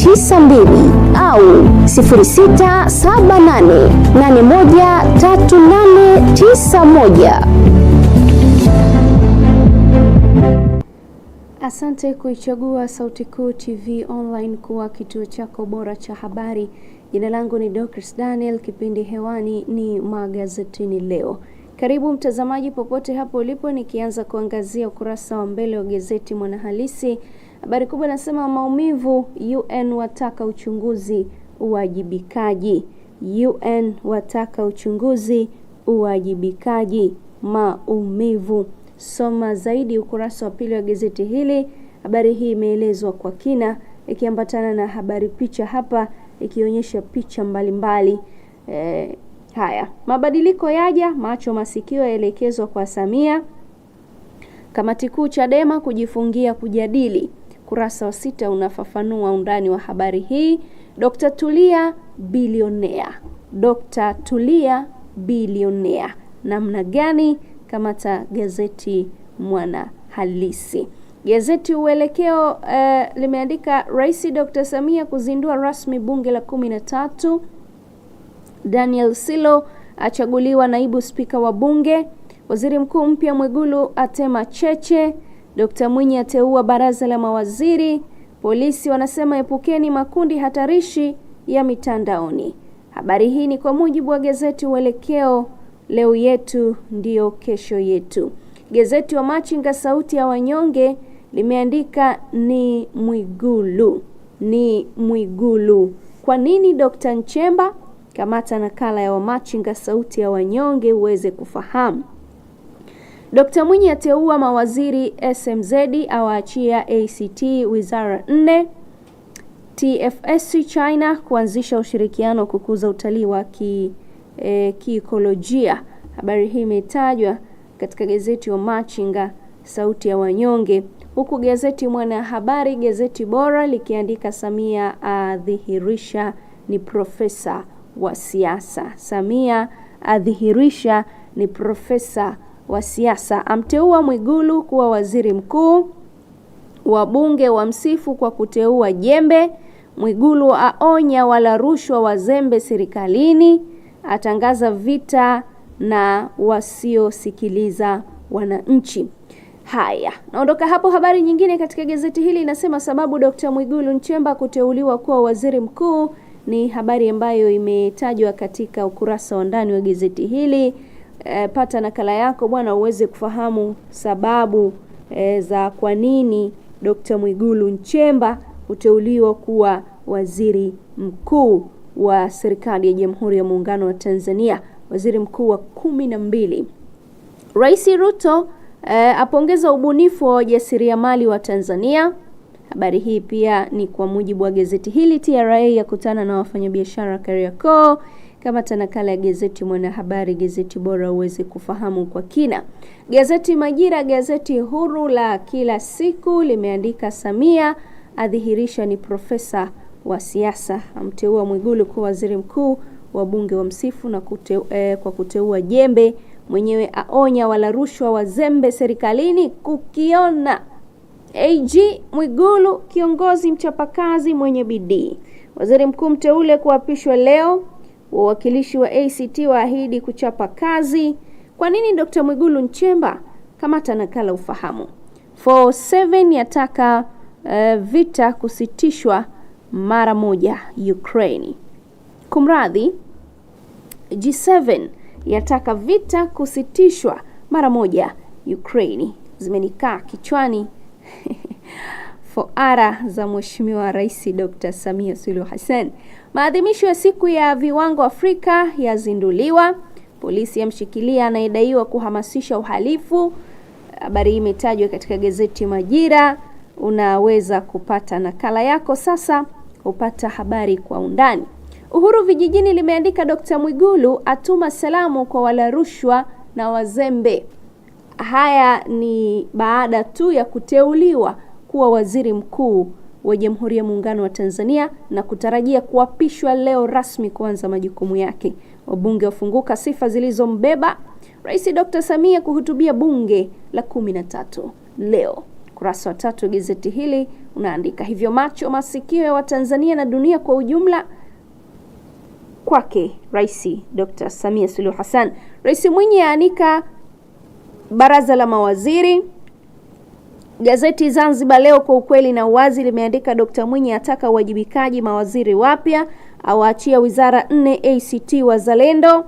92 au 0678813891. Asante kuichagua Sauti Kuu TV Online kuwa kituo chako bora cha habari. Jina langu ni Dorcas Daniel, kipindi hewani ni magazetini leo. Karibu mtazamaji, popote hapo ulipo, nikianza kuangazia ukurasa wa mbele wa gazeti Mwanahalisi Habari kubwa inasema maumivu, UN wataka uchunguzi, uwajibikaji. UN wataka uchunguzi, uwajibikaji, maumivu. Soma zaidi ukurasa wa pili wa gazeti hili. Habari hii imeelezwa kwa kina ikiambatana na habari picha hapa ikionyesha picha mbalimbali mbali. Eh, e, haya mabadiliko yaja, macho masikio yaelekezwa kwa Samia. Kamati kuu Chadema kujifungia kujadili ukurasa wa sita unafafanua undani wa habari hii. Dr. Tulia bilionea, Dr. Tulia bilionea, namna gani? Kamata gazeti Mwana Halisi. Gazeti Uelekeo eh, limeandika Rais Dr. Samia kuzindua rasmi bunge la kumi na tatu. Daniel Silo achaguliwa naibu spika wa bunge. Waziri Mkuu mpya Mwigulu atema cheche. Dkt. Mwinyi ateua baraza la mawaziri. Polisi wanasema epukeni makundi hatarishi ya mitandaoni. Habari hii ni kwa mujibu wa gazeti Uelekeo, leo yetu ndiyo kesho yetu. Gazeti wa Machinga, sauti ya wanyonge, limeandika ni Mwigulu, ni Mwigulu. Kwa nini Dkt. Nchemba? Kamata nakala ya Wamachinga, sauti ya wanyonge uweze kufahamu. Dkt. Mwinyi ateua mawaziri SMZ awaachia ACT wizara nne. TFS China kuanzisha ushirikiano kukuza utalii wa e, kiikolojia. E, habari hii imetajwa katika gazeti machinga sauti ya wanyonge, huku gazeti Mwanahabari gazeti bora likiandika Samia adhihirisha ni profesa wa siasa. Samia adhihirisha ni profesa wa siasa amteua Mwigulu kuwa waziri mkuu. Wabunge wamsifu kwa kuteua jembe. Mwigulu aonya wala rushwa wazembe serikalini, atangaza vita na wasiosikiliza wananchi. Haya, naondoka hapo. Habari nyingine katika gazeti hili inasema sababu Dr. Mwigulu Nchemba kuteuliwa kuwa waziri mkuu ni habari ambayo imetajwa katika ukurasa wa ndani wa gazeti hili e, pata nakala yako bwana, uweze kufahamu sababu e, za kwa nini Dkt. Mwigulu Nchemba huteuliwa kuwa waziri mkuu wa serikali ya Jamhuri ya Muungano wa Tanzania, waziri mkuu wa kumi na mbili. Rais Ruto e, apongeza ubunifu wa wajasiriamali wa Tanzania. Habari hii pia ni kwa mujibu wa gazeti hili. TRA yakutana na wafanyabiashara Kariakoo. Kamata nakala ya gazeti Mwanahabari, gazeti bora uweze kufahamu kwa kina. Gazeti Majira, gazeti huru la kila siku, limeandika Samia adhihirisha ni profesa wa siasa, amteua Mwigulu kuwa waziri mkuu, wabunge wa msifu na kute, eh, kwa kuteua jembe mwenyewe, aonya wala rushwa wazembe serikalini kukiona AG Mwigulu kiongozi mchapakazi mwenye bidii. Waziri mkuu mteule kuapishwa leo. Wawakilishi wa ACT waahidi kuchapa kazi. Kwa nini Dr. Mwigulu Nchemba? Kamata nakala ufahamu. 47 yataka uh, vita kusitishwa mara moja Ukraine. Kumradhi, G7 yataka vita kusitishwa mara moja Ukraine. Zimenikaa kichwani Foara za Mheshimiwa Rais Dr. Samia Suluhu Hassan. Maadhimisho ya siku ya viwango Afrika yazinduliwa. Polisi yamshikilia anayedaiwa kuhamasisha uhalifu. Habari hii imetajwa katika gazeti Majira. Unaweza kupata nakala yako sasa, hupata habari kwa undani. Uhuru Vijijini limeandika Dr. Mwigulu atuma salamu kwa wala rushwa na wazembe. Haya ni baada tu ya kuteuliwa kuwa waziri mkuu wa Jamhuri ya Muungano wa Tanzania na kutarajia kuapishwa leo rasmi kuanza majukumu yake. Wabunge wafunguka sifa zilizombeba Rais Dr. Samia kuhutubia bunge la kumi na tatu leo. Ukurasa wa tatu wa gazeti hili unaandika hivyo, macho masikio ya Watanzania na dunia kwa ujumla kwake Rais Dr. Samia Suluhu Hassan. Rais Mwinyi aanika baraza la mawaziri Gazeti Zanzibar Leo kwa ukweli na uwazi limeandika Dkt. Mwinyi ataka uwajibikaji mawaziri wapya, awaachia wizara nne ACT Wazalendo.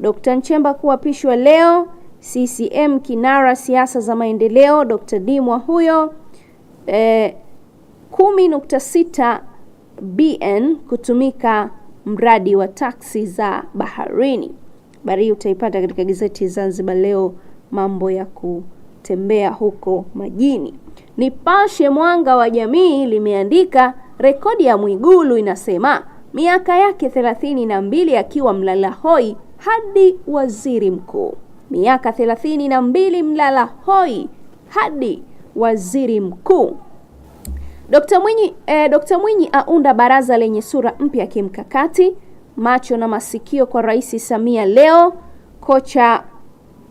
Dkt. Nchemba kuapishwa leo. CCM kinara siasa za maendeleo. Dkt. Dimwa huyo. E, 10.6 BN kutumika mradi wa taksi za baharini. Habari hii utaipata katika gazeti Zanzibar Leo, mambo ya ku kutembea huko majini. Nipashe Mwanga wa Jamii limeandika rekodi ya Mwigulu inasema miaka yake thelathini na mbili akiwa mlala hoi hadi waziri mkuu. Miaka thelathini na mbili mlala hoi hadi waziri mkuu. Dr. Mwinyi, eh, Dr. Mwinyi aunda baraza lenye sura mpya kimkakati. Macho na masikio kwa Rais Samia leo. Kocha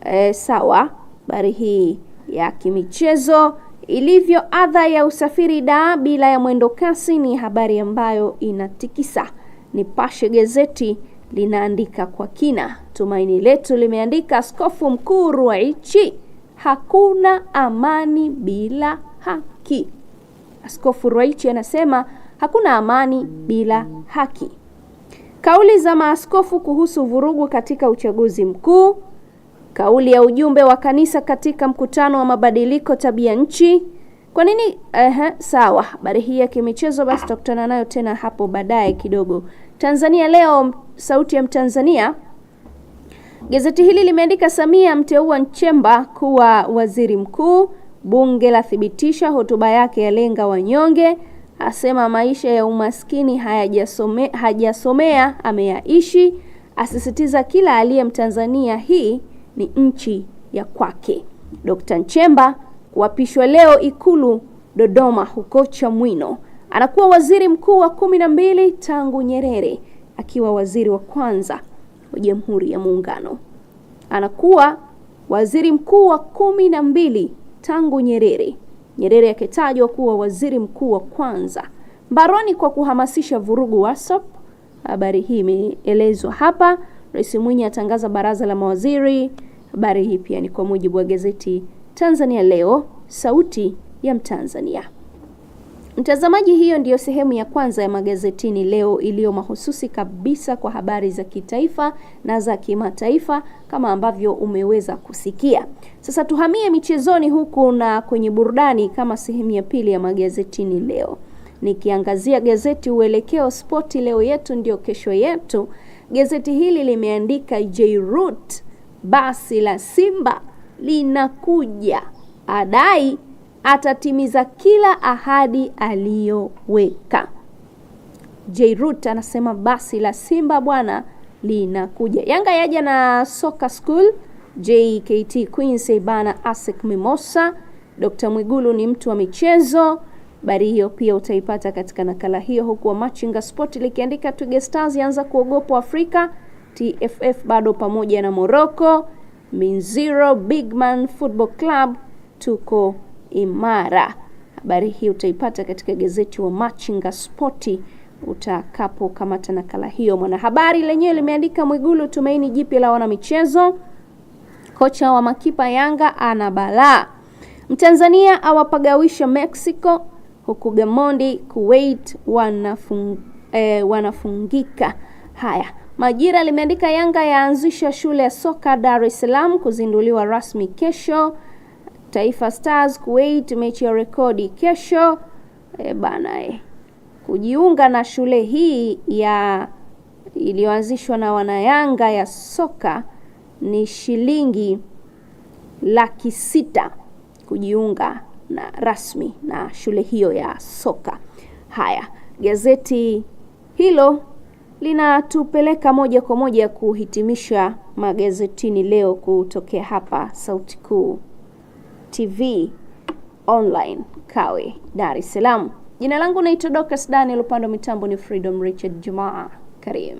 eh, sawa habari hii ya kimichezo ilivyo adha ya usafiri daa bila ya mwendo kasi ni habari ambayo inatikisa. Nipashe gazeti linaandika kwa kina. Tumaini Letu limeandika askofu mkuu ruaichi hakuna amani bila haki. Askofu ruaichi anasema hakuna amani bila haki. Kauli za maaskofu kuhusu vurugu katika uchaguzi mkuu. Kauli ya ujumbe wa kanisa katika mkutano wa mabadiliko tabia nchi. Kwa nini? Aha, sawa. Habari hii ya kimichezo basi tutakutana nayo tena hapo baadaye kidogo. Tanzania Leo, sauti ya Mtanzania. Gazeti hili limeandika Samia amteua Nchemba kuwa waziri mkuu. Bunge lathibitisha hotuba yake yalenga wanyonge. Asema maisha ya umaskini hayajasome, hajasomea ameyaishi. Asisitiza kila aliye Mtanzania hii ni nchi ya kwake. Dkt. Nchemba kuapishwa leo Ikulu Dodoma huko Chamwino. Anakuwa waziri mkuu wa kumi na mbili tangu Nyerere akiwa waziri wa kwanza wa Jamhuri ya Muungano. Anakuwa waziri mkuu wa kumi na mbili tangu Nyerere, Nyerere akitajwa kuwa waziri mkuu wa kwanza. Mbaroni kwa kuhamasisha vurugu WhatsApp. Habari hii imeelezwa hapa. Rais Mwinyi atangaza baraza la mawaziri. Habari hii pia ni kwa mujibu wa gazeti Tanzania Leo, sauti ya Mtanzania. Mtazamaji, hiyo ndiyo sehemu ya kwanza ya magazetini leo iliyo mahususi kabisa kwa habari za kitaifa na za kimataifa kama ambavyo umeweza kusikia. Sasa tuhamie michezoni huku na kwenye burudani kama sehemu ya pili ya magazetini leo. Nikiangazia gazeti Uelekeo Spoti, leo yetu ndio kesho yetu. Gazeti hili limeandika J Root basi la Simba linakuja, adai atatimiza kila ahadi aliyoweka. Jairut anasema basi la Simba bwana linakuja. Yanga yaja na Soka School, JKT Queens bana Asek Mimosa. Dr. Mwigulu ni mtu wa michezo. Habari hiyo pia utaipata katika nakala hiyo, huku wa Machinga Sport likiandika Twiga Stars yaanza kuogopwa Afrika TFF bado pamoja na Morocco, Minziro, Bigman Football Club tuko imara. Habari hii utaipata katika gazeti wa Machinga Spoti utakapokamata nakala hiyo. Mwanahabari lenyewe limeandika Mwigulu tumaini jipya la wanamichezo, kocha wa makipa Yanga ana balaa, Mtanzania awapagawisha Mexico, huku Gamondi Kuwait wanafung, eh, wanafungika. Haya. Majira limeandika Yanga yaanzisha shule ya soka Dar es Salaam kuzinduliwa rasmi kesho. Taifa Stars Kuwait mechi ya rekodi kesho. E bana e. Kujiunga na shule hii ya iliyoanzishwa na wanayanga ya soka ni shilingi laki sita kujiunga na rasmi na shule hiyo ya soka. Haya, gazeti hilo linatupeleka moja kwa moja kuhitimisha magazetini leo kutokea hapa Sauti Kuu TV online Kawe, Dar es Salaam. Jina langu naitwa Dorcas Daniel, upande wa mitambo ni Freedom Richard Jumaa Karim.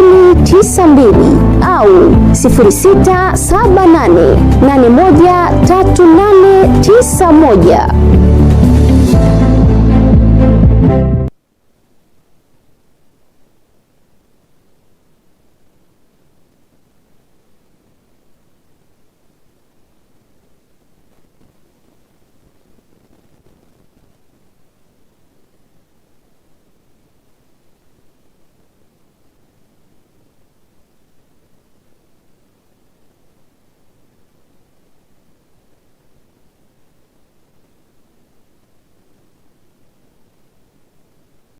mbili au moja